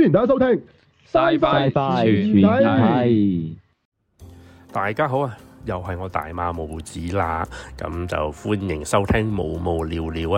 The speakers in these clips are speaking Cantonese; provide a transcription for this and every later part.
歡迎大家收聽，西拜西拜拜拜，大家好啊，又係我大馬毛子啦，咁就歡迎收聽《無無聊聊》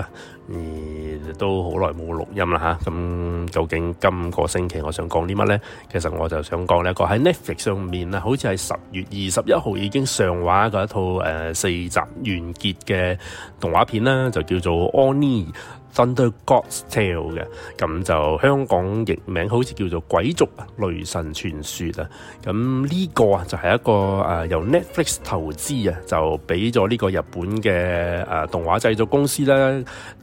嗯、啊，都好耐冇錄音啦吓，咁究竟今個星期我想講啲乜呢？其實我就想講呢一個喺 Netflix 上面啊，好似係十月二十一號已經上畫嗰一套誒四、呃、集完結嘅動畫片啦，就叫做《Oni》。Thunder God's Tale 嘅，咁就香港譯名好似叫做《鬼族雷神傳說》啊。咁呢個啊就係一個誒、呃、由 Netflix 投資啊，就俾咗呢個日本嘅誒、呃、動畫製作公司咧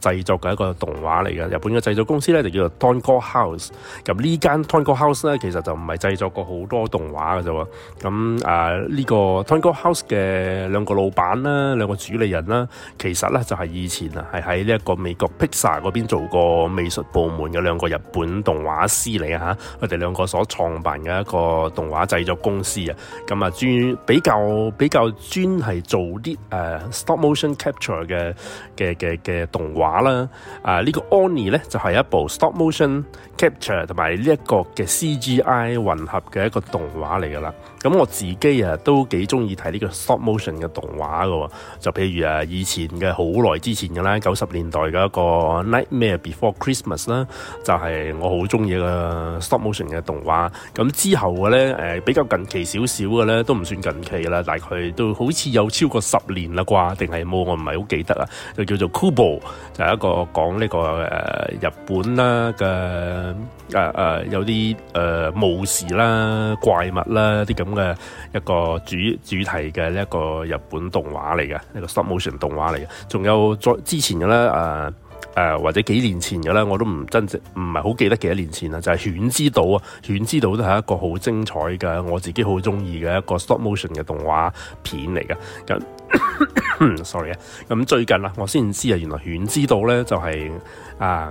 製作嘅一個動畫嚟嘅。日本嘅製作公司咧就叫做 Tonko House, House。咁呢間 Tonko House 咧其實就唔係製作過好多動畫嘅啫。咁誒呢個 Tonko House 嘅兩個老闆啦、兩個主理人啦，其實咧就係、是、以前啊係喺呢一個美國 Pix。嗰邊做過美術部門嘅兩個日本動畫師嚟啊！嚇，佢哋兩個所創辦嘅一個動畫製作公司啊，咁啊專比較比較專係做啲誒、啊、stop motion capture 嘅嘅嘅嘅動畫啦。啊，這個、呢個 Oni 咧就係、是、一部 stop motion capture 同埋呢一個嘅 CGI 混合嘅一個動畫嚟噶啦。咁我自己啊都幾中意睇呢個 stop motion 嘅動畫噶、哦，就譬如啊以前嘅好耐之前噶啦，九十年代嘅一個 Nightmare Before Christmas 啦，就係、是、我好中意嘅 stop motion 嘅動畫，咁之後嘅咧，誒、呃、比較近期少少嘅咧，都唔算近期啦，大概都好似有超過十年啦啩，定係冇我唔係好記得啊。就叫做 Kubo，就係一個講呢、這個誒、呃、日本、呃呃呃、啦嘅誒誒有啲誒武士啦怪物啦啲咁。嘅一個主主題嘅呢一個日本動畫嚟嘅，一個 stop motion 動畫嚟嘅。仲有在之前嘅咧，誒、呃、誒、呃、或者幾年前嘅咧，我都唔真正唔係好記得幾多年前啦，就係、是《犬之島》啊，《犬之島》都係一個好精彩嘅，我自己好中意嘅一個 stop motion 嘅動畫片嚟嘅。咁 ，sorry、嗯就是、啊，咁最近啊，我先知啊，原來《犬之島》咧就係誒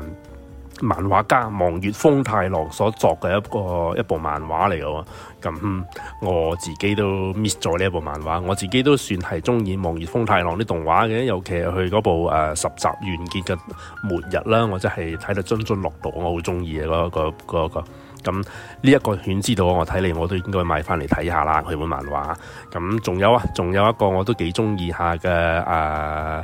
漫畫家望月豐太郎所作嘅一個一部漫畫嚟嘅。咁、嗯、我自己都 miss 咗呢一部漫畫，我自己都算係中意《望月風太郎》啲動畫嘅，尤其係佢嗰部誒、呃、十集完結嘅末日啦，我真係睇得津津樂道，我好中意嘅嗰個、嗰個。咁呢一個犬之島我睇嚟，我都應該買翻嚟睇下啦，佢本漫畫。咁仲有啊，仲有一個我都幾中意下嘅誒。呃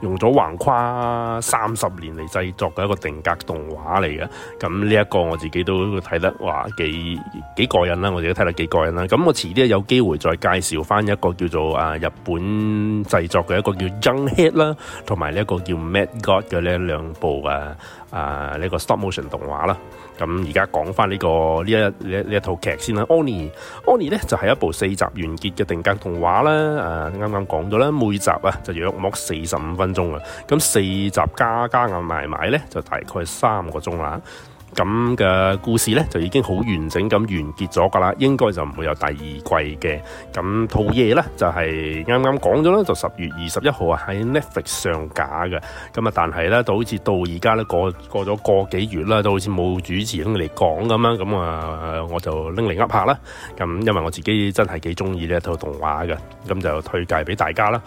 用咗橫跨三十年嚟製作嘅一個定格動畫嚟嘅，咁呢一個我自己都睇得哇幾幾過癮啦，我哋都睇得幾過癮啦，咁我遲啲有機會再介紹翻一個叫做啊日本製作嘅一個叫啊《Junk Head》啦，同埋呢一個叫《Mad God》嘅呢兩部啊。啊！呢個 stop motion 動畫啦，咁而家講翻呢個呢一呢一套劇先啦。Oni Oni 咧就係一部四集完結嘅定格動畫啦。啊，啱啱講咗啦，每集啊就約莫四十五分鐘啊，咁四集加加硬埋埋咧就大概三個鐘啦。咁嘅故事咧就已經好完整咁完結咗㗎啦，應該就唔會有第二季嘅。咁套嘢咧就係啱啱講咗啦，就十月二十一號啊喺 Netflix 上架嘅。咁啊，但係咧就好似到而家咧過過咗個幾月啦，都好似冇主持人嚟講咁樣。咁啊，我就拎嚟噏下啦。咁因為我自己真係幾中意呢一套動畫嘅，咁就推介俾大家啦。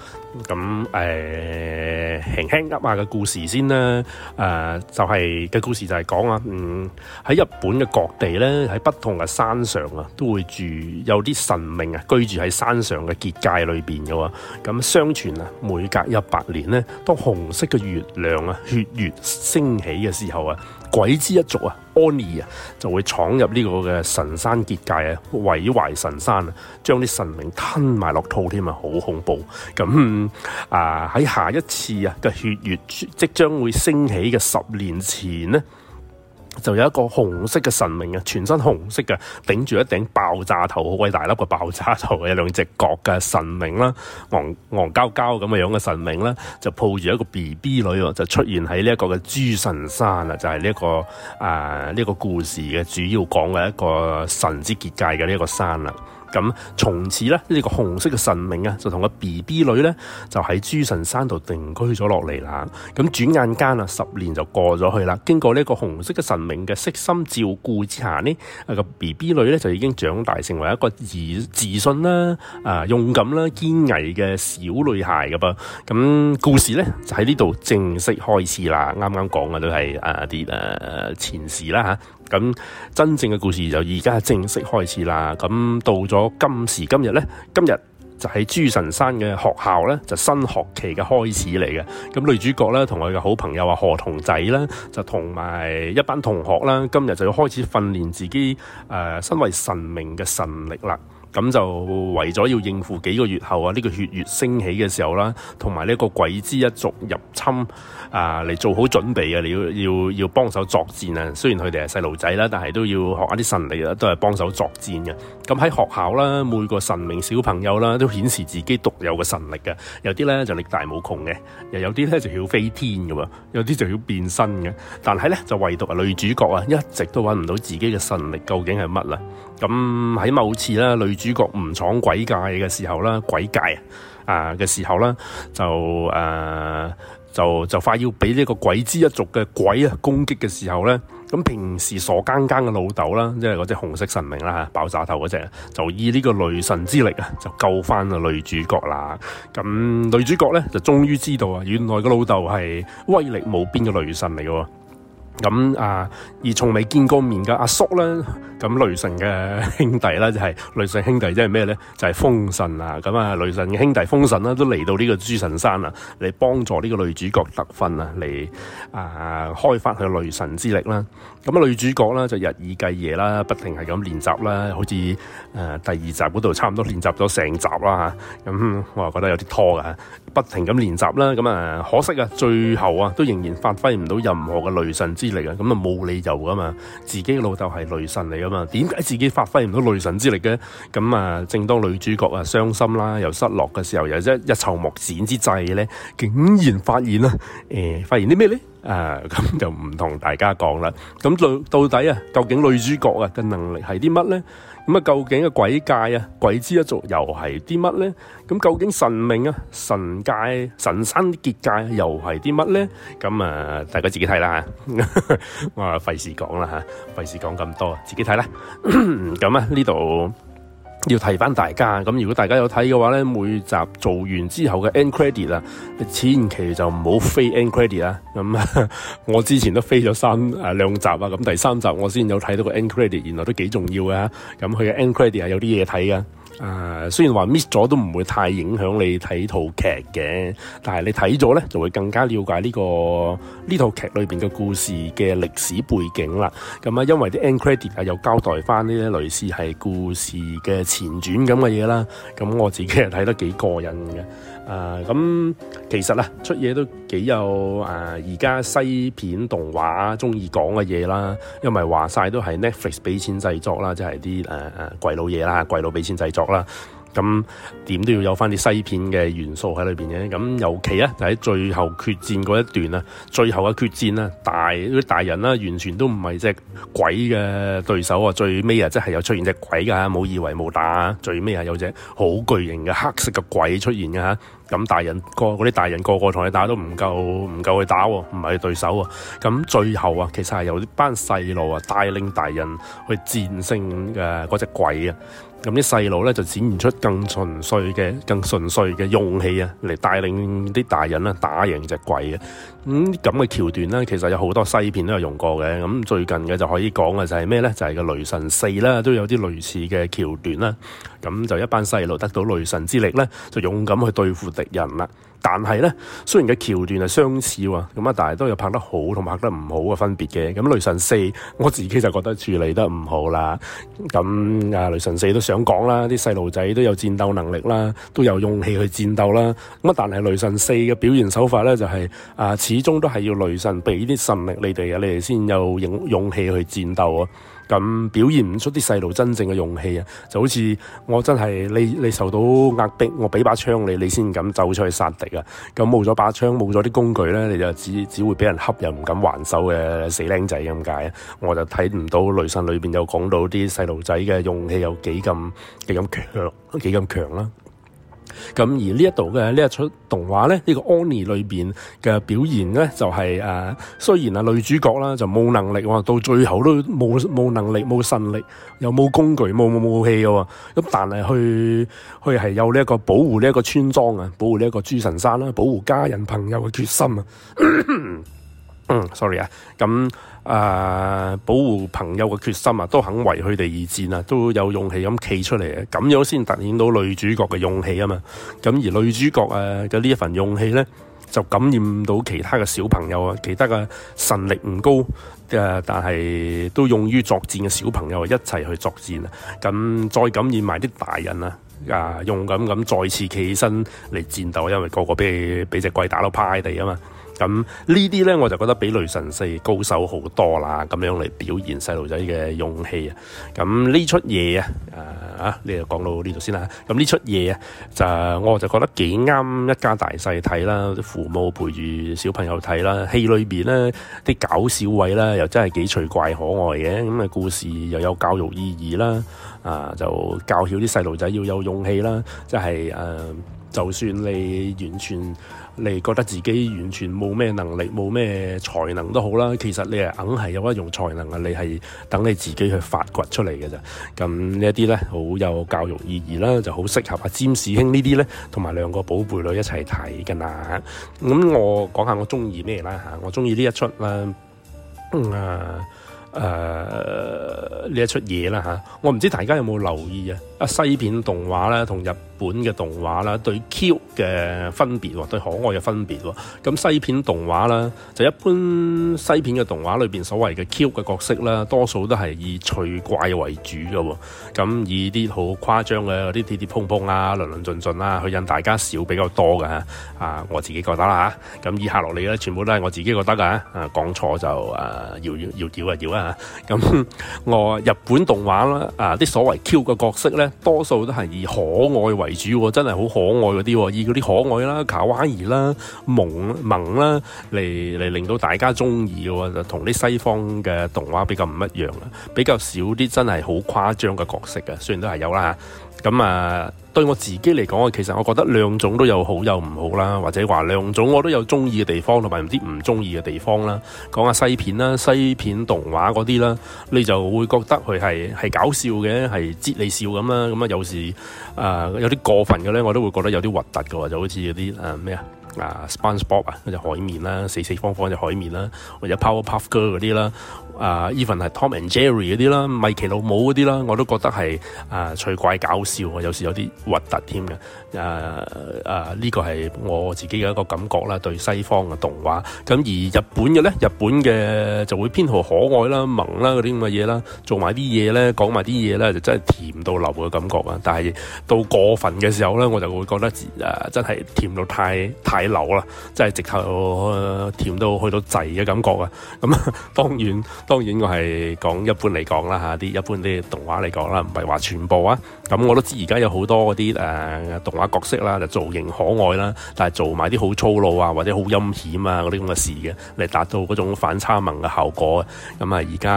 咁誒輕輕噏下嘅故事先啦。誒就係嘅故事就係講啊。嗯喺、嗯、日本嘅各地咧，喺不同嘅山上啊，都會住有啲神明啊，居住喺山上嘅結界裏邊嘅、啊。咁、嗯、相傳啊，每隔一百年咧，當紅色嘅月亮啊，血月升起嘅時候啊，鬼之一族啊，安妮啊，就會闖入呢個嘅神山結界啊，毀壞神山啊，將啲神明吞埋落肚添啊，好恐怖。咁、嗯、啊喺下一次啊嘅血月即將會升起嘅十年前呢。就有一個紅色嘅神明嘅，全身紅色嘅，頂住一頂爆炸頭，好鬼大粒嘅爆炸頭，有兩隻角嘅神明啦，戇戇交交咁嘅樣嘅神明啦，就抱住一個 B B 女喎，就出現喺呢一個嘅諸神山啦，就係呢一個誒呢一個故事嘅主要講嘅一個神之結界嘅呢一個山啦。咁，從此咧呢個紅色嘅神明啊，就同個 B B 女咧，就喺諸神山度定居咗落嚟啦。咁轉眼間啊，十年就過咗去啦。經過呢個紅色嘅神明嘅悉心照顧之下呢，啊個 B B 女咧就已經長大，成為一個自自信啦、啊勇敢啦、堅毅嘅小女孩㗎噃。咁故事咧就喺呢度正式開始啦。啱啱講嘅都係誒啲誒前事啦嚇。咁真正嘅故事就而家正式開始啦！咁到咗今時今日呢，今日就喺諸神山嘅學校呢，就新學期嘅開始嚟嘅。咁女主角呢，同佢嘅好朋友啊何童仔呢，就同埋一班同學啦，今日就要開始訓練自己誒、呃、身為神明嘅神力啦。咁就為咗要應付幾個月後啊呢個血月升起嘅時候啦，同埋呢個鬼之一族入侵啊嚟、呃、做好準備啊！你要要要幫手作戰啊！雖然佢哋係細路仔啦，但係都要學一啲神力啦，都係幫手作戰嘅。咁喺學校啦，每個神明小朋友啦都顯示自己獨有嘅神力嘅。有啲咧就力大無窮嘅，又有啲咧就要飛天嘅喎，有啲就要變身嘅。但係咧就唯獨啊女主角啊一直都揾唔到自己嘅神力究竟係乜啦～咁喺某次啦，女主角唔闖鬼界嘅時候啦，鬼界啊，嘅、啊、時候啦，就誒、啊、就就快要俾呢個鬼之一族嘅鬼啊攻擊嘅時候咧，咁平時傻更更嘅老豆啦，即係嗰隻紅色神明啦嚇、啊，爆炸頭嗰隻，就以呢個雷神之力啊，就救翻個女主角啦。咁女主角咧就終於知道啊，原來個老豆係威力無邊嘅雷神嚟㗎喎。咁啊，而從未見過面嘅阿叔咧，咁雷神嘅兄弟啦，就係、是、雷神兄弟即係咩咧？就係、是、風神啊！咁啊，雷神嘅兄弟風神啦、啊，都嚟到呢個諸神山啊，嚟幫助呢個女主角特訓啊，嚟啊開發佢雷神之力啦。咁啊，女、啊、主角咧就日以繼夜啦，不停係咁練習啦，好似誒、啊、第二集度差唔多練習咗成集啦嚇。咁、啊、我話覺得有啲拖噶，不停咁練習啦。咁啊，可惜啊，最後啊都仍然發揮唔到任何嘅雷神之。嚟嘅，咁啊，冇理由啊嘛，自己老豆係雷神嚟噶嘛，點解自己發揮唔到雷神之力嘅？咁啊，正當女主角啊傷心啦，又失落嘅時候，又一一籌莫展之際咧，竟然發現啦，誒、呃，發現啲咩咧？啊，咁就唔同大家講啦。咁到到底啊，究竟女主角啊嘅能力係啲乜咧？咁啊，究竟嘅鬼界啊，鬼之一族又係啲乜咧？咁究竟神明啊，神界、神山結界又係啲乜咧？咁啊，大家自己睇啦吓，我話費事講啦吓，費事講咁多，自己睇啦。咁啊，呢 度。要提翻大家咁，如果大家有睇嘅話咧，每集做完之後嘅 end credit 啊，你千祈就唔好飛 end credit 啊。咁 我之前都飛咗三啊兩集啊，咁第三集我先有睇到個 end credit，原來都幾重要嘅。咁佢嘅 end credit 係有啲嘢睇嘅。啊，雖然話 miss 咗都唔會太影響你睇套劇嘅，但係你睇咗咧就會更加了解呢個呢套劇裏邊嘅故事嘅歷史背景啦。咁啊，因為啲 end credit 啊又交代翻呢啲類似係故事嘅前傳咁嘅嘢啦。咁我自己係睇得幾過癮嘅。啊，咁其實啊，出嘢都幾有啊，而家西片動畫中意講嘅嘢啦，因為話曬都係 Netflix 俾錢製作啦，即係啲誒誒鬼佬嘢啦，鬼佬俾錢製作啦，咁、啊、點都要有翻啲西片嘅元素喺裏邊嘅，咁、啊、尤其啊，就喺最後決戰嗰一段啊，最後嘅決戰啊，大大人啦、啊，完全都唔係隻鬼嘅對手啊，最尾啊，即係有出現隻鬼㗎，冇以為冇打，最尾啊有隻好巨型嘅黑色嘅鬼出現嘅嚇。咁大人個嗰啲大人個個同你打都唔夠唔夠佢打喎、啊，唔係佢對手喎、啊。咁最後啊，其實係由呢班細路啊帶領大人去戰勝嘅嗰隻鬼啊！咁啲細路咧就展現出更純粹嘅、更純粹嘅勇氣啊，嚟帶領啲大人啊打贏隻鬼啊！咁咁嘅橋段咧，其實有好多西片都有用過嘅。咁、嗯、最近嘅就可以講嘅就係咩咧？就係、係、個雷神四啦，都有啲類似嘅橋段啦、啊。咁就一班細路得到雷神之力咧，就勇敢去對付敵人啦。但係咧，雖然嘅橋段係相似啊，咁啊，但係都有拍得好同拍得唔好嘅分別嘅。咁《雷神四》，我自己就覺得處理得唔好啦。咁啊，《雷神四》都想講啦，啲細路仔都有戰鬥能力啦，都有勇氣去戰鬥啦。咁啊，但係《雷神四》嘅表現手法咧，就係、是、啊，始終都係要雷神俾啲神力你哋啊，你哋先有勇勇氣去戰鬥啊。咁表現唔出啲細路真正嘅勇氣啊！就好似我真係你你受到壓迫，我畀把槍你，你先敢走出去殺敵啊！咁冇咗把槍，冇咗啲工具咧，你就只只會畀人恰又唔敢還手嘅死僆仔咁解。我就睇唔到雷神裏邊有講到啲細路仔嘅勇氣有幾咁幾咁強，幾咁強啦、啊。咁而呢一度嘅呢一出動畫咧，呢、這個 Oni 裏邊嘅表現咧，就係、是、誒、呃，雖然啊女主角啦、啊、就冇能力喎、啊，到最後都冇冇能力冇神力，又冇工具冇冇武器嘅、啊、喎，咁但係去去係有呢、這、一個保護呢一個村莊啊，保護呢一個諸神山啦、啊，保護家人朋友嘅決心啊。 嗯，Sorry 啊，咁啊、呃，保護朋友嘅決心啊，都肯為佢哋而戰啊，都有勇氣咁企出嚟嘅，咁樣先突顯到女主角嘅勇氣啊嘛。咁而女主角啊嘅呢一份勇氣咧，就感染到其他嘅小朋友啊，其他嘅神力唔高嘅、啊，但係都勇於作戰嘅小朋友一齊去作戰啊。咁再感染埋啲大人啊，啊，勇敢咁再次企起身嚟戰鬥，因為個個俾俾隻鬼打到趴喺地啊嘛。咁呢啲呢，我就覺得比雷神四高手好多啦，咁樣嚟表現細路仔嘅勇氣、嗯呃、啊！咁呢出嘢啊，誒嚇，你就講到呢度先啦。咁呢出嘢啊，就我就覺得幾啱一家大細睇啦，父母陪住小朋友睇啦，戲裏邊呢啲搞笑位啦，又真係幾趣怪可愛嘅，咁、嗯、啊故事又有教育意義啦，啊就教曉啲細路仔要有勇氣啦，即係誒，就算你完全。你覺得自己完全冇咩能力冇咩才能都好啦，其實你係硬係有得用才能啊！你係等你自己去發掘出嚟嘅咋。咁呢一啲咧，好有教育意義啦，就好適合阿、啊、詹士兄呢啲咧，同埋兩個寶貝女一齊睇㗎啦。咁我講下我中意咩啦嚇，我中意呢一出啦，誒誒呢一出嘢啦嚇，我唔知大家有冇留意啊？啊，西片動畫咧同日本嘅動畫咧，對 Q 嘅分別，對可愛嘅分別喎。咁西片動畫咧，就一般西片嘅動畫裏邊所謂嘅 Q 嘅角色咧，多數都係以趣怪為主嘅。咁以啲好誇張嘅啲跌跌碰碰啊，論論盡盡啊，去引大家笑比較多嘅。啊，我自己覺得啦吓。咁以下落嚟咧，全部都係我自己覺得嘅。搖搖搖搖搖搖啊，搖啊，講錯就啊，要要搖啊，搖啊。咁我日本動畫啦，啊啲所謂 Q 嘅角色咧。多數都係以可愛為主喎，真係好可愛嗰啲，以嗰啲可愛啦、卡哇伊啦、萌萌啦嚟嚟令到大家鍾意嘅喎，就同啲西方嘅動畫比較唔一樣啦，比較少啲真係好誇張嘅角色呀，雖然都係有啦。咁啊、嗯，對我自己嚟講啊，其實我覺得兩種都有好有唔好啦，或者話兩種我都有中意嘅地方同埋唔啲唔中意嘅地方啦。講下西片啦，西片動畫嗰啲啦，你就會覺得佢係係搞笑嘅，係接你笑咁啦。咁、嗯、啊，有時啊、呃、有啲過分嘅咧，我都會覺得有啲核突嘅，就好似嗰啲啊咩啊啊 SpongeBob 啊，隻 Sp 海綿啦，四四方方隻海綿啦，或者 Powerpuff Girl 嗰啲啦。啊！even 係 Tom and Jerry 嗰啲啦，米奇老母嗰啲啦，我都覺得係啊，uh, 趣怪搞笑，有時有啲核突添嘅。誒誒，呢個係我自己嘅一個感覺啦，對西方嘅動畫。咁而日本嘅咧，日本嘅就會偏好可愛啦、萌啦嗰啲咁嘅嘢啦，做埋啲嘢咧，講埋啲嘢咧，就真係甜到流嘅感覺啊！但係到過分嘅時候咧，我就會覺得誒、呃，真係甜到太太流、呃、啦，真係直頭甜到去到滯嘅感覺啊！咁當然。當然，我係講一般嚟講啦嚇，啲一般啲動畫嚟講啦，唔係話全部啊。咁我都知而家有好多嗰啲誒動畫角色啦，就造型可愛啦，但係做埋啲好粗魯啊或者好陰險啊嗰啲咁嘅事嘅，嚟達到嗰種反差萌嘅效果。咁、嗯、啊，而家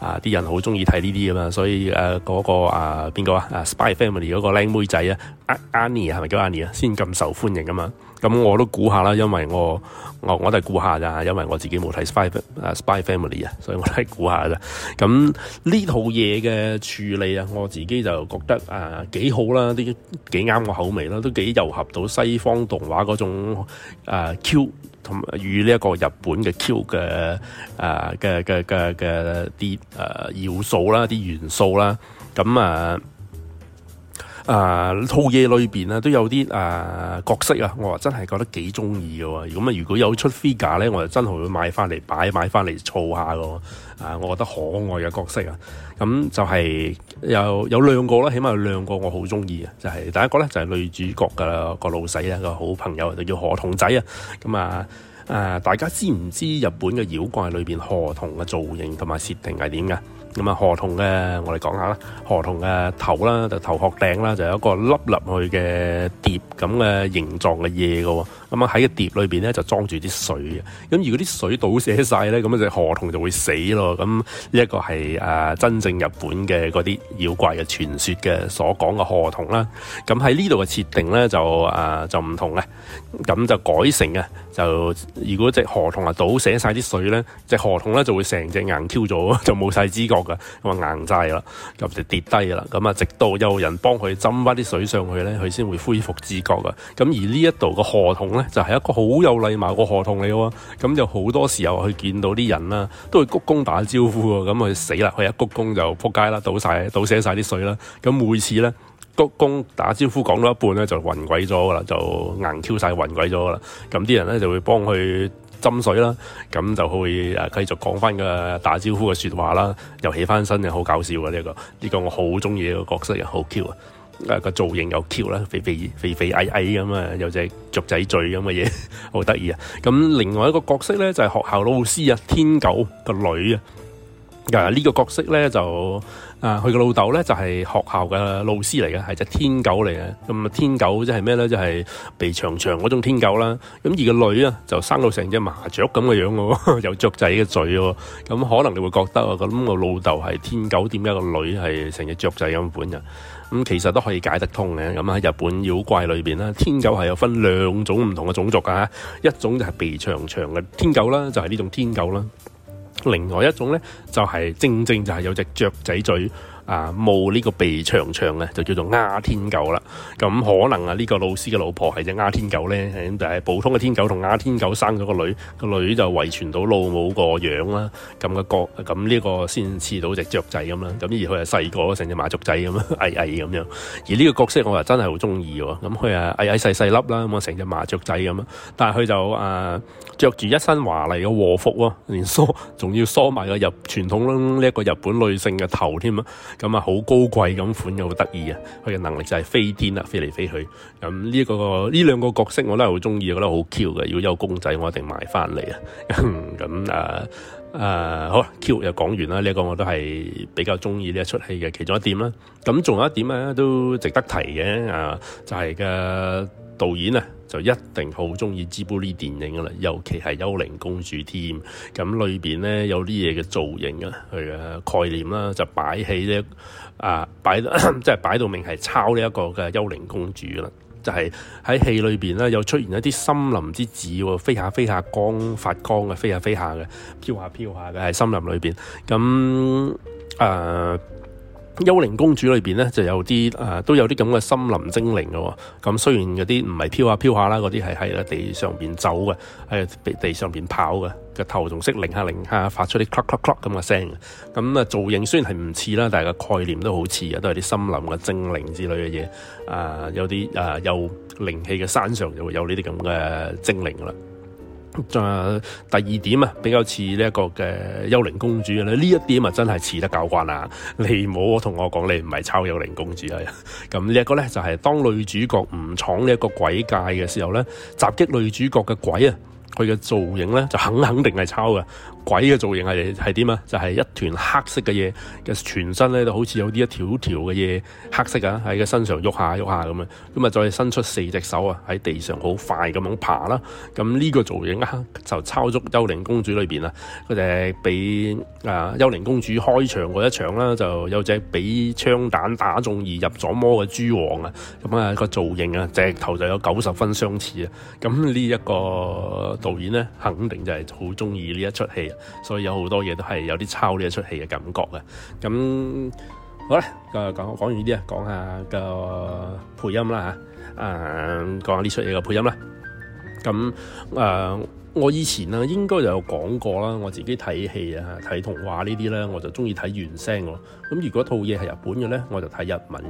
啊啲人好中意睇呢啲㗎嘛，所以誒嗰、呃嗰個,、呃、個啊邊個啊？啊，Spy Family 嗰個靚妹仔啊，Annie 係咪叫 Annie 啊？先咁受歡迎啊嘛。咁、嗯、我都估下啦，因為我我我都係估下咋，因為我自己冇睇 Spy 啊 Spy Family 啊，所以我都係估下咋。咁、嗯、呢套嘢嘅處理啊，我自己就覺得啊幾、呃、好啦，啲幾啱我口味啦，都幾糅合到西方動畫嗰種 Q，cute 同與呢一個日本嘅 Q 嘅啊嘅嘅嘅嘅啲誒要素啦，啲元素啦，咁、嗯、啊。呃啊，套嘢裏邊啊，都有啲啊角色啊，我真係覺得幾中意嘅，如果啊，如果有出 figure 咧，我就真係會買翻嚟擺，買翻嚟湊下嘅。啊，我覺得可愛嘅角色啊，咁就係有有兩個啦，起碼有兩個我好中意啊。就係第一個咧就係女主角嘅個老細啊，個好朋友就叫河童仔啊。咁啊啊，大家知唔知日本嘅妖怪裏邊河童嘅造型同埋設定係點嘅？咁啊，河童嘅我哋講下河童嘅頭啦，就頭殼頂啦，就有、是、一個凹入去嘅碟咁嘅形狀嘅嘢噶喎。咁啊喺個碟裏邊咧就裝住啲水嘅，咁如果啲水倒瀉晒咧，咁隻河童就會死咯。咁呢一個係誒真正日本嘅嗰啲妖怪嘅傳說嘅所講嘅河童啦。咁喺呢度嘅設定咧就誒就唔同咧，咁就改成啊就如果隻河童啊倒瀉晒啲水咧，隻河童咧就會成隻硬 Q 咗，就冇晒知覺嘅，咁啊硬晒啦，咁就跌低啦。咁啊直到有人幫佢斟翻啲水上去咧，佢先會恢復知覺嘅。咁而呢一度嘅河童。就係一個好有禮貌個河童嚟喎，咁就好多時候去見到啲人啦，都會鞠躬打招呼喎，咁佢死啦，佢一鞠躬就仆街啦，倒晒，倒瀉晒啲水啦，咁每次咧鞠躬打招呼講到一半咧就暈鬼咗噶啦，就硬 Q 晒暈鬼咗噶啦，咁啲人咧就會幫佢斟水啦，咁就會繼續講翻個打招呼嘅說話啦，又起翻身又好搞笑啊呢個呢、這個這個我好中意個角色又好 Q 啊！誒個、呃、造型又 Q 啦，肥肥肥肥矮矮咁啊，有隻雀仔嘴咁嘅嘢，好得意啊！咁另外一個角色咧就係、是、學校老師啊，天狗個女啊，啊呢、這個角色咧就～啊！佢個老豆咧就係、是、學校嘅老師嚟嘅，係隻天狗嚟嘅。咁、嗯、天狗即係咩咧？就係、是、鼻長長嗰種天狗啦。咁、嗯、而個女啊，就生到成隻麻雀咁嘅樣喎、哦，有雀仔嘅嘴喎、哦。咁、嗯、可能你會覺得啊，咁、嗯、我老豆係天狗，點解個女係成隻雀仔咁本嘅？咁、嗯、其實都可以解得通嘅。咁、嗯、喺日本妖怪裏邊啦，天狗係有分兩種唔同嘅種族㗎、啊。一種就係鼻長長嘅天狗啦，就係、是、呢種天狗啦。另外一種呢，就係、是、正正就係有隻雀仔嘴。啊！冇呢個鼻長長咧，就叫做鴉天狗啦。咁、嗯、可能啊，呢、這個老師嘅老婆係隻鴉天狗咧、嗯，就係、是、普通嘅天狗同鴉天狗生咗個女，個女就遺傳到老母個樣啦、啊。咁嘅角，咁呢個先似到隻雀仔咁啦。咁而佢係細個，成、嗯這個、隻麻雀仔咁樣矮矮咁樣。而呢、啊哎哎哎哎、個角色我又真係好中意喎。咁佢啊矮矮細細粒啦，咁、嗯、啊成隻麻雀仔咁樣。但係佢就啊著住一身華麗嘅和服喎、啊，連梳仲要梳埋個日傳統呢、啊、一,一個日本女性嘅頭添啊！咁啊，好高貴咁款嘅，好得意啊！佢嘅能力就係飛天啊，飛嚟飛去。咁呢一個呢兩個角色，我都係好中意，我覺得好 cute 嘅。如果有公仔，我一定買翻嚟 啊！咁誒誒，好 cute 又講完啦。呢、這、一個我都係比較中意呢一出戲嘅其中一點啦。咁仲有一點咧、啊，都值得提嘅啊，就係、是、嘅、啊、導演啊。就一定好中意吉卜力電影噶啦，尤其係幽靈公主添。咁裏邊咧有啲嘢嘅造型啊、佢嘅概念啦，就擺起呢，啊，擺即係擺到明係抄呢一個嘅幽靈公主啦。就係、是、喺戲裏邊咧，又出現一啲森林之子喎，飛下飛下光發光嘅，飛下飛下嘅，飄下飄下嘅，喺森林裏邊。咁誒。啊幽靈公主裏邊呢，就有啲啊、呃，都有啲咁嘅森林精靈嘅、哦。咁雖然嗰啲唔係飄下飄下啦，嗰啲係喺地上邊走嘅，喺地上邊跑嘅，個頭仲識擰下擰下，發出啲 clack clack clack 咁嘅聲。咁啊，造型雖然係唔似啦，但係個概念都好似啊，都係啲森林嘅精靈之類嘅嘢。啊、呃，有啲啊、呃、有靈氣嘅山上就會有呢啲咁嘅精靈啦。仲有第二點啊，比較似呢一個嘅、呃、幽靈公主咧，呢一啲咪真係似得交關啦！你唔好同我講你唔係抄幽靈公主係？咁 呢一個咧就係、是、當女主角唔闖呢一個鬼界嘅時候咧，襲擊女主角嘅鬼啊，佢嘅造型咧就肯肯定係抄嘅。鬼嘅造型係係點啊？就係一團黑色嘅嘢嘅全身咧，都好似有啲一條條嘅嘢黑色啊喺佢身上喐下喐下咁啊，咁啊再伸出四隻手啊喺地上好快咁樣爬啦。咁呢個造型啊，就抄足幽靈公主裏邊啊嗰隻俾啊幽靈公主開場一場啦，就有隻俾槍彈打中而入咗魔嘅豬王啊。咁啊個造型啊直頭就有九十分相似啊。咁呢一個導演咧，肯定就係好中意呢一出戲。所以有好多嘢都係有啲抄呢一出戲嘅感覺嘅。咁好啦，講講完呢啲、那個、啊，講下個配音啦吓。誒，講下呢出嘢嘅配音啦。咁誒，我以前啦，應該就有講過啦。我自己睇戲啊，睇童話呢啲咧，我就中意睇原聲喎。咁如果套嘢係日本嘅咧，我就睇日文；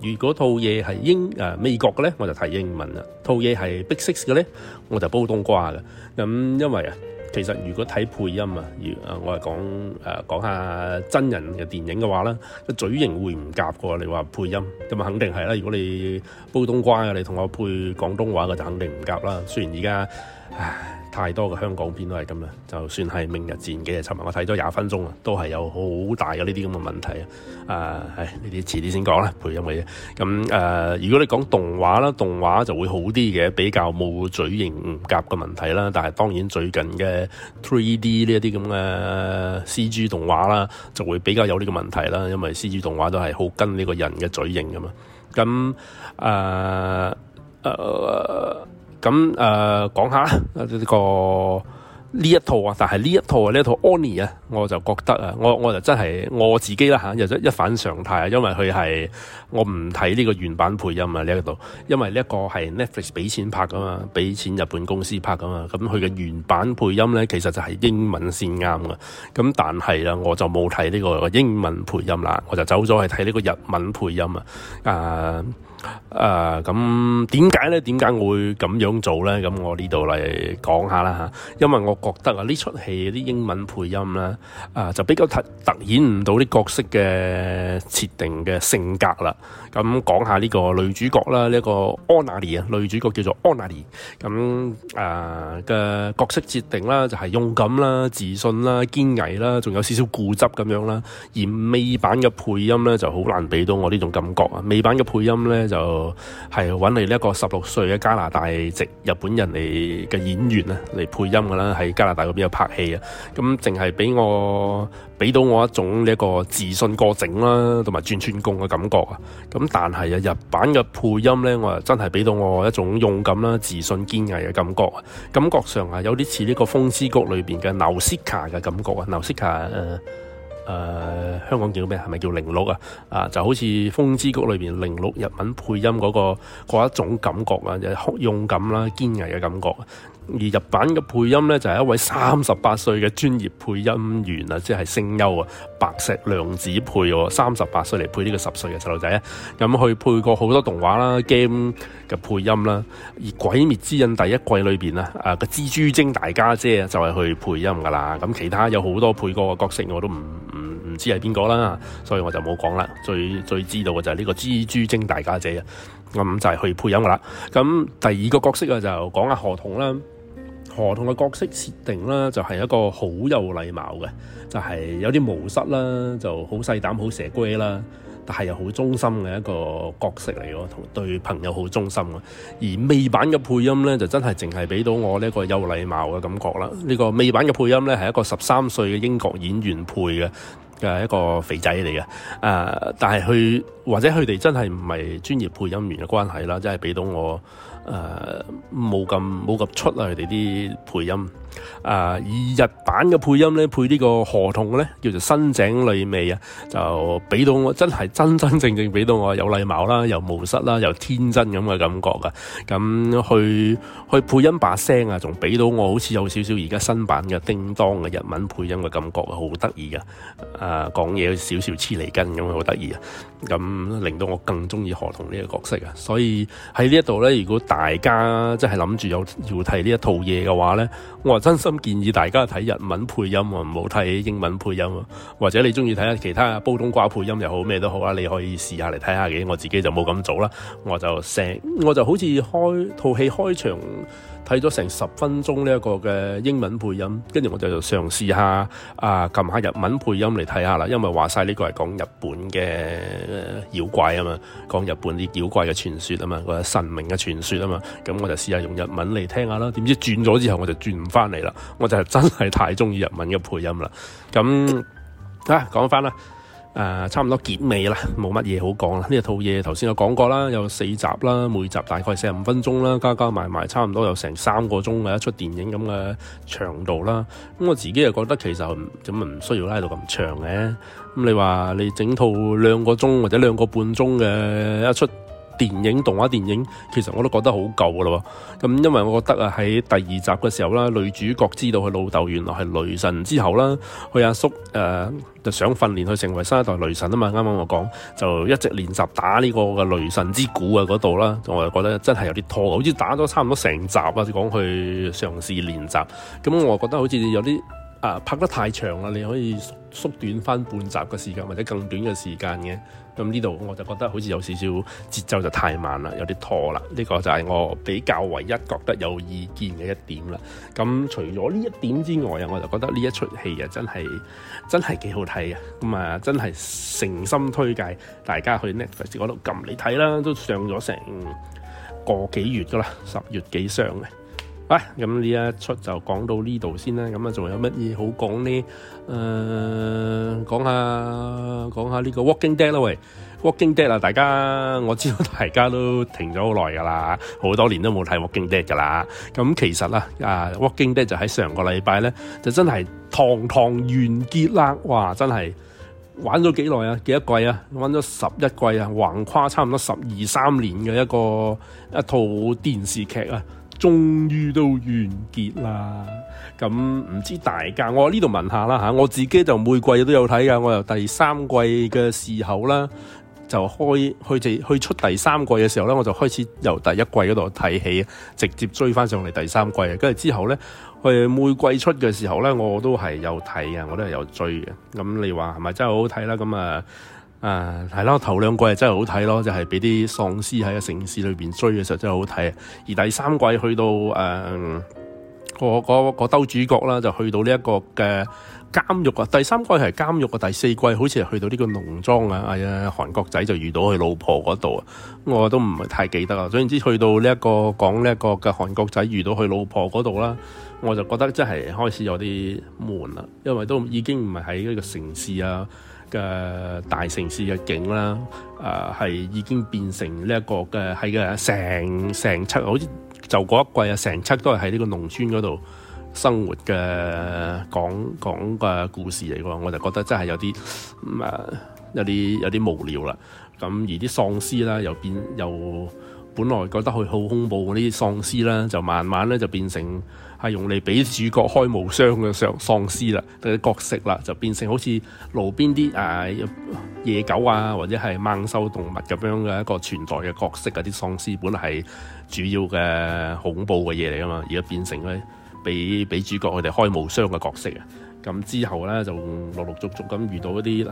如果套嘢係英誒、啊、美國嘅咧，我就睇英文啦。套嘢係 Big Six 嘅咧，我就煲冬瓜嘅。咁因為啊。其實如果睇配音啊，如啊我係講誒、呃、講下真人嘅電影嘅話啦，個嘴型會唔夾嘅，你話配音咁啊，肯定係啦。如果你煲冬瓜嘅，你同我配廣東話嘅就肯定唔夾啦。雖然而家，唉。太多嘅香港片都係咁啦，就算係《明日戰記》啊、尋日，我睇咗廿分鐘啊，都係有好大嘅呢啲咁嘅問題啊。誒、呃，係呢啲遲啲先講啦，配音嘅嘢。咁誒、嗯呃，如果你講動畫啦，動畫就會好啲嘅，比較冇嘴型唔夾嘅問題啦。但係當然最近嘅 3D 呢一啲咁嘅 CG 動畫啦，就會比較有呢個問題啦，因為 CG 動畫都係好跟呢個人嘅嘴型噶嘛。咁誒誒。呃呃呃呃咁誒、呃、講下呢、這個呢一套啊，但係呢一套呢一套 Oni 啊，我就覺得啊，我我就真係我自己啦嚇、啊，又一反常態啊，因為佢係我唔睇呢個原版配音啊呢一度，因為呢一個係 Netflix 畀錢拍噶嘛，畀錢日本公司拍噶嘛，咁佢嘅原版配音咧，其實就係英文先啱嘅，咁但係啦，我就冇睇呢個英文配音啦，我就走咗去睇呢個日文配音啊。誒，咁點解咧？點解我會咁樣做咧？咁我呢度嚟講下啦吓，因為我覺得啊，呢出戲啲英文配音咧，誒、啊，就比較突突顯唔到啲角色嘅設定嘅性格啦。咁講下呢個女主角啦，呢一個安娜莉啊，女主角叫做安娜莉。咁誒嘅角色設定啦，就係勇敢啦、自信啦、堅毅啦，仲有少少固執咁樣啦。而美版嘅配音咧，就好難俾到我呢種感覺啊！美版嘅配音咧，就係揾嚟呢一個十六歲嘅加拿大籍日本人嚟嘅演員啊，嚟配音㗎啦，喺加拿大嗰邊有拍戲啊。咁淨係俾我。俾到我一種呢一個自信過整啦，同埋轉串工嘅感覺啊！咁但係啊，日版嘅配音呢，我真係俾到我一種勇敢啦、自信堅毅嘅感覺啊！感覺上啊，有啲似呢個《風之谷》裏邊嘅 Now Sica 嘅感覺啊，Now Sica 誒誒，香港叫咩？係咪叫零六啊？啊，就好似《風之谷》裏邊零六日文配音嗰、嗰個嗰一種感覺啊，就係勇敢啦、堅毅嘅感覺。而日版嘅配音呢，就係、是、一位三十八歲嘅專業配音員啊，即係聲優啊，白石涼子配喎，三十八歲嚟配呢個十歲嘅細路仔啊，咁去配過好多動畫啦、game 嘅配音啦。而《鬼滅之刃》第一季裏邊啊，誒個蜘蛛精大家姐就係去配音噶啦。咁其他有好多配過嘅角色，我都唔唔唔知係邊個啦，所以我就冇講啦。最最知道嘅就係呢個蜘蛛精大家姐啊，咁就係去配音噶啦。咁第二個角色啊，就講下河童啦。何同嘅角色設定啦，就係一個好有禮貌嘅，就係、是、有啲無失啦，就好細膽、好蛇龜啦，但係又好忠心嘅一個角色嚟嘅，同對朋友好忠心嘅。而美版嘅配音呢，就真係淨係俾到我呢個有禮貌嘅感覺啦。呢、這個美版嘅配音呢，係一個十三歲嘅英國演員配嘅嘅一個肥仔嚟嘅。誒、呃，但係佢或者佢哋真係唔係專業配音員嘅關係啦，真係俾到我。誒冇咁冇咁出啊！佢哋啲配音啊、呃，以日版嘅配音咧配呢個河童咧，叫做新井里未啊，就俾到我真係真真正正俾到我有禮貌啦，又無失啦，又天真咁嘅感覺噶、啊。咁、嗯、去去配音把聲音啊，仲俾到我好似有少少而家新版嘅叮當嘅日文配音嘅感覺好得意噶！誒講嘢有少少黐脷根咁好得意啊！咁、呃啊嗯、令到我更中意河童呢個角色啊。所以喺呢一度咧，如果打大家即係諗住有要睇呢一套嘢嘅話呢，我真心建議大家睇日文配音，唔好睇英文配音。或者你中意睇下其他煲冬瓜配音又好咩都好啦，你可以試下嚟睇下嘅。我自己就冇咁做啦，我就聲我就好似開套戲開場。睇咗成十分鐘呢一個嘅英文配音，跟住我就嘗試下啊，撳下日文配音嚟睇下啦，因為話晒呢個係講日本嘅、呃、妖怪啊嘛，講日本啲妖怪嘅傳說啊嘛，個神明嘅傳說啊嘛，咁我就試下用日文嚟聽下啦。點知轉咗之後我就轉唔翻嚟啦，我就係真係太中意日文嘅配音啦。咁啊講翻啦。誒、uh，差唔多結尾啦，冇乜嘢好講啦。呢一套嘢頭先有講過啦，有四集啦，每集大概四十五分鐘啦，加加埋埋差唔多有成三個鐘嘅一出電影咁嘅長度啦。咁我自己又覺得其實咁唔需要拉到咁長嘅。咁你話你整套兩個鐘或者兩個半鐘嘅一出，電影動畫電影其實我都覺得好舊㗎喇喎，咁因為我覺得啊喺第二集嘅時候啦，女主角知道佢老豆原來係雷神之後啦，佢阿叔誒、呃、就想訓練佢成為新一代雷神啊嘛，啱啱我講就一直練習打呢個嘅雷神之鼓啊嗰度啦，我就覺得真係有啲拖，好似打咗差唔多成集啊，講去嘗試練習，咁我覺得好似有啲。啊，拍得太長啦！你可以縮短返半集嘅時間，或者更短嘅時間嘅。咁呢度我就覺得好似有少少節奏就太慢啦，有啲拖啦。呢、這個就係我比較唯一覺得有意見嘅一點啦。咁、嗯、除咗呢一點之外啊，我就覺得呢一出戲啊真係真係幾好睇嘅。咁啊，真係、嗯、誠心推介大家去 Netflix 嗰度撳嚟睇啦，都上咗成個幾月㗎啦，十月幾上嘅。啊，咁呢一出就講到呢度先啦。咁啊，仲有乜嘢好講呢？誒、呃，講下講下呢個 Walking Dead，《Walking Dead》啦，喂，《Walking Dead》啊，大家我知道大家都停咗好耐㗎啦，好多年都冇睇，啊啊啊《Walking Dead》㗎啦。咁其實啦，啊，《Walking Dead》就喺上個禮拜咧，就真係堂堂完結啦。哇，真係玩咗幾耐啊，幾多季啊？玩咗十一季啊，橫跨差唔多十二三年嘅一個一套電視劇啊！終於都完結啦！咁唔知大家我呢度問下啦嚇，我自己就每季都有睇嘅。我由第三季嘅時候啦，就開去去出第三季嘅時候呢，我就開始由第一季嗰度睇起，直接追翻上嚟第三季。跟住之後呢，佢每季出嘅時候呢，我都係有睇嘅，我都係有追嘅。咁你話係咪真係好好睇啦？咁啊～啊，係咯，頭兩季真係好睇咯，就係俾啲喪屍喺個城市裏邊追嘅時候真係好睇。而第三季去到誒、嗯，兜主角啦，就去到呢一個嘅監獄啊。第三季係監獄啊，第四季好似係去到呢個農莊啊。哎呀，韓國仔就遇到佢老婆嗰度啊，我都唔係太記得啦。總之去到呢、這、一個講呢一個嘅韓國仔遇到佢老婆嗰度啦，我就覺得真係開始有啲悶啦，因為都已經唔係喺呢個城市啊。嘅大城市嘅景啦，誒、呃、係已經變成呢、這、一個嘅係嘅，成成七好似就嗰一季啊，成七都係喺呢個農村嗰度生活嘅講講嘅故事嚟㗎。我就覺得真係有啲咁、嗯、有啲有啲無聊啦。咁而啲喪屍啦又變又～本來覺得佢好恐怖嗰啲喪屍啦，就慢慢咧就變成係用嚟俾主角開無雙嘅喪喪屍啦，角色啦，就變成好似路邊啲啊野狗啊，或者係猛獸動物咁樣嘅一個存在嘅角色啊！啲喪屍本來係主要嘅恐怖嘅嘢嚟啊嘛，而家變成咧俾俾主角佢哋開無雙嘅角色啊！咁之後咧就陸陸續續咁遇到一啲誒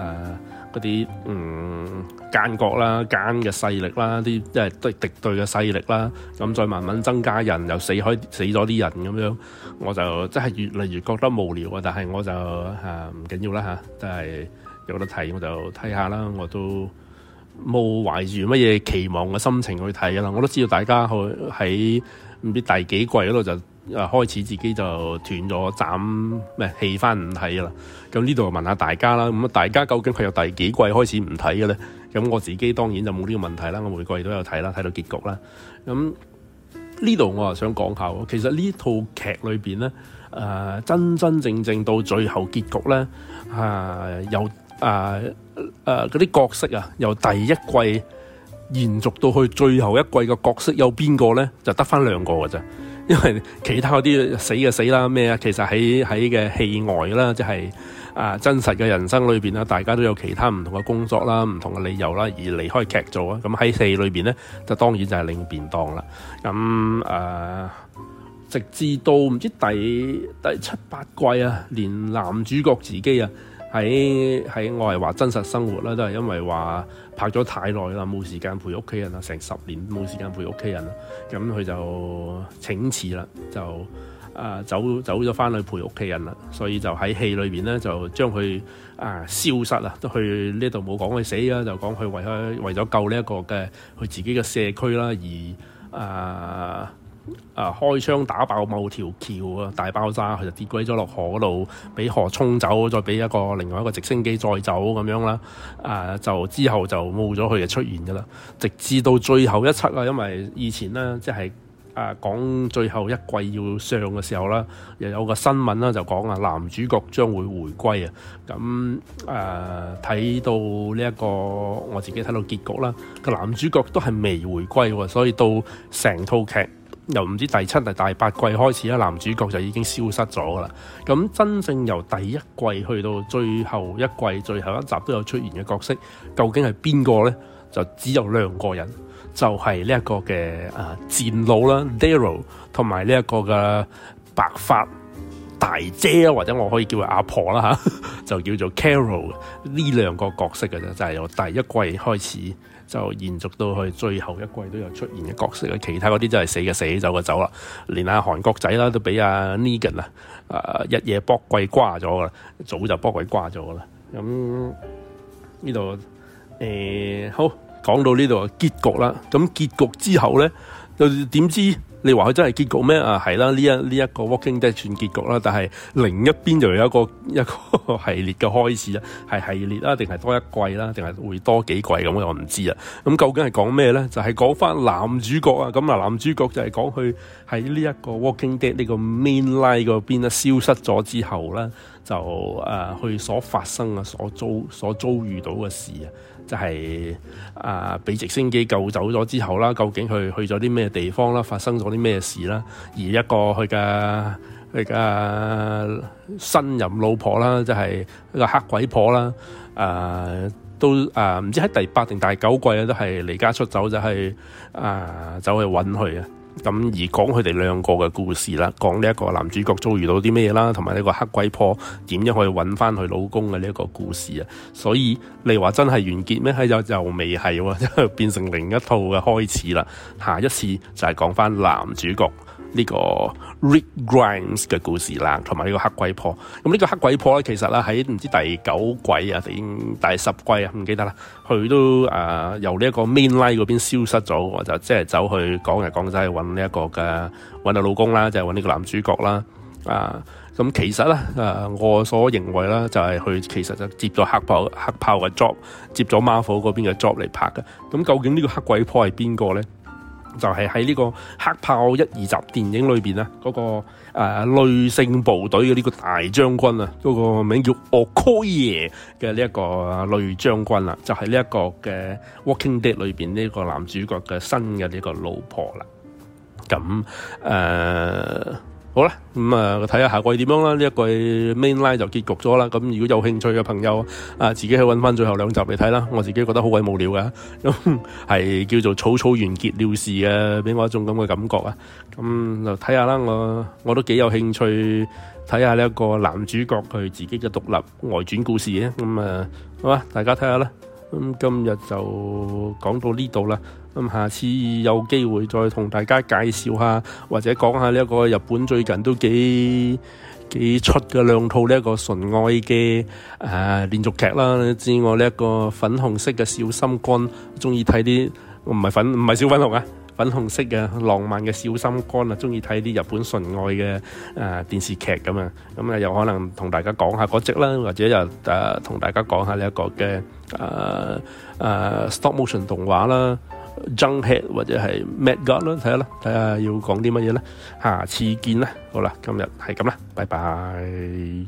嗰啲嗯奸角啦、奸嘅勢力啦、啲即係對敵對嘅勢力啦，咁再慢慢增加人，又死開死咗啲人咁樣，我就真係越嚟越覺得無聊啊！但係我就嚇唔緊要啦嚇，真係有得睇我就睇下啦，我都冇懷住乜嘢期望嘅心情去睇㗎啦。我都知道大家去喺唔知第幾季嗰度就。誒開始自己就斷咗，斬咩戲翻唔睇嘅啦。咁呢度問下大家啦。咁啊，大家究竟佢由第幾季開始唔睇嘅咧？咁、嗯、我自己當然就冇呢個問題啦。我每個月都有睇啦，睇到結局啦。咁呢度我啊想講下，其實呢套劇裏邊咧，誒、呃、真真正正到最後結局咧，誒由誒誒嗰啲角色啊，由第一季延續到去最後一季嘅角色有邊個咧？就得翻兩個嘅啫。因為其他嗰啲死就死啦，咩啊，其實喺喺嘅戲外啦，即係啊真實嘅人生裏邊啦，大家都有其他唔同嘅工作啦，唔同嘅理由啦，而離開劇做啊。咁喺戲裏邊咧，就當然就係領便當啦。咁、嗯、啊，直至到唔知第第七八季啊，連男主角自己啊，喺喺外話真實生活啦，都係因為話。拍咗太耐啦，冇時間陪屋企人啦，成十年冇時間陪屋企人啦，咁佢就請辭啦，就啊走走咗翻去陪屋企人啦，所以就喺戲裏邊咧就將佢啊消失啦，都去呢度冇講佢死啊，就講佢為咗為咗救呢一個嘅佢自己嘅社區啦而啊。啊！開槍打爆某條橋啊！大爆炸，佢就跌鬼咗落河嗰度，俾河沖走，再俾一個另外一個直升機載走咁樣啦。啊！就之後就冇咗佢嘅出現噶啦，直至到最後一輯啦。因為以前呢，即係啊講最後一季要上嘅時候啦，又有個新聞啦，就講啊男主角將會回歸啊。咁啊睇到呢、這、一個我自己睇到結局啦，個男主角都係未回歸喎，所以到成套劇。由唔知第七定第八季開始咧，男主角就已經消失咗噶啦。咁真正由第一季去到最後一季最後一集都有出現嘅角色，究竟係邊個呢？就只有兩個人，就係呢一個嘅啊、呃、戰佬啦 Daryl，同埋呢一個嘅白髮大姐啊，或者我可以叫佢阿婆啦嚇，啊、 就叫做 Carol 呢兩個角色嘅啫，就係由第一季開始。就延續到去最後一季都有出現嘅角色啦，其他嗰啲真係死嘅死，走嘅走啦。連阿韓國仔啦都俾阿 Negan 啊 egan, 啊一嘢仆街瓜咗啦，早就仆街瓜咗啦。咁呢度誒好講到呢度結局啦。咁、嗯、結局之後咧。就點知你話佢真係結局咩啊？係啦，呢一呢一,一個《Walking Dead》算結局啦，但係另一邊就有一個一個 系列嘅開始啊，係系列啦，定係多一季啦，定係會多幾季咁，我唔知啊。咁、嗯、究竟係講咩咧？就係講翻男主角、嗯、啊。咁嗱，男主角就係講佢喺呢一個《Walking Dead》呢 個 main line 嗰邊咧消失咗之後咧，就誒去、啊、所發生啊、所遭所遭，所遭遇到嘅事啊。就係啊，俾直升機救走咗之後啦，究竟佢去咗啲咩地方啦，發生咗啲咩事啦？而一個佢嘅佢嘅新任老婆啦，就係一個黑鬼婆啦，啊，都啊唔知喺第八定第九季啊，都係離家出走，就係啊走去揾佢啊。咁而講佢哋兩個嘅故事啦，講呢一個男主角遭遇到啲咩啦，同埋呢個黑鬼婆點樣可以揾翻佢老公嘅呢一個故事啊！所以你話真係完結咩？係就又未係，變成另一套嘅開始啦。下一次就係講翻男主角。呢個 Rick Grimes 嘅故事啦，同埋呢個黑鬼婆。咁、嗯、呢、這個黑鬼婆咧，其實啦喺唔知第九季啊定第十季啊，唔記得啦。佢都誒、呃、由呢一個 Main Line 嗰邊消失咗，我就即係走去講嚟講去揾呢一個嘅揾阿老公啦，就揾、是、呢個男主角啦。啊，咁、嗯、其實咧誒，我所認為啦，就係、是、佢其實就接咗黑豹黑豹嘅 job，接咗 Marvel 嗰邊嘅 job 嚟拍嘅。咁、嗯、究竟呢個黑鬼婆係邊個咧？就係喺呢個《黑豹》一二集電影裏邊咧，嗰、那個誒女、呃、性部隊嘅呢個大將軍啊，嗰、那個名叫 Okoye 嘅呢一個女將軍啦，就係呢一個嘅《Walking Dead》裏邊呢個男主角嘅新嘅呢個老婆啦。咁誒。呃好啦，咁啊，睇下下季點樣啦。呢一季 main line 就結局咗啦。咁如果有興趣嘅朋友啊，自己去揾翻最後兩集嚟睇啦。我自己覺得好鬼無聊噶，咁係叫做草草完結了事啊，俾我一種咁嘅感覺啊。咁就睇下啦，我我都幾有興趣睇下呢一個男主角佢自己嘅獨立外傳故事啊。咁啊，好啊，大家睇下啦。咁今日就講到呢度啦。咁下次有機會再同大家介紹下，或者講下呢一個日本最近都幾幾出嘅兩套呢一個純愛嘅誒、呃、連續劇啦。你知我呢一個粉紅色嘅小心肝，中意睇啲唔係粉唔係小粉紅啊，粉紅色嘅浪漫嘅小心肝啊，中意睇啲日本純愛嘅誒、呃、電視劇咁啊。咁、嗯、啊，又可能同大家講下嗰隻啦，或者又誒同、呃、大家講下呢一個嘅誒誒 stop motion 動畫啦。爭吃或者係 Mad God 咯，睇下啦，睇下要講啲乜嘢啦。下次見啦，好啦，今日係咁啦，拜拜。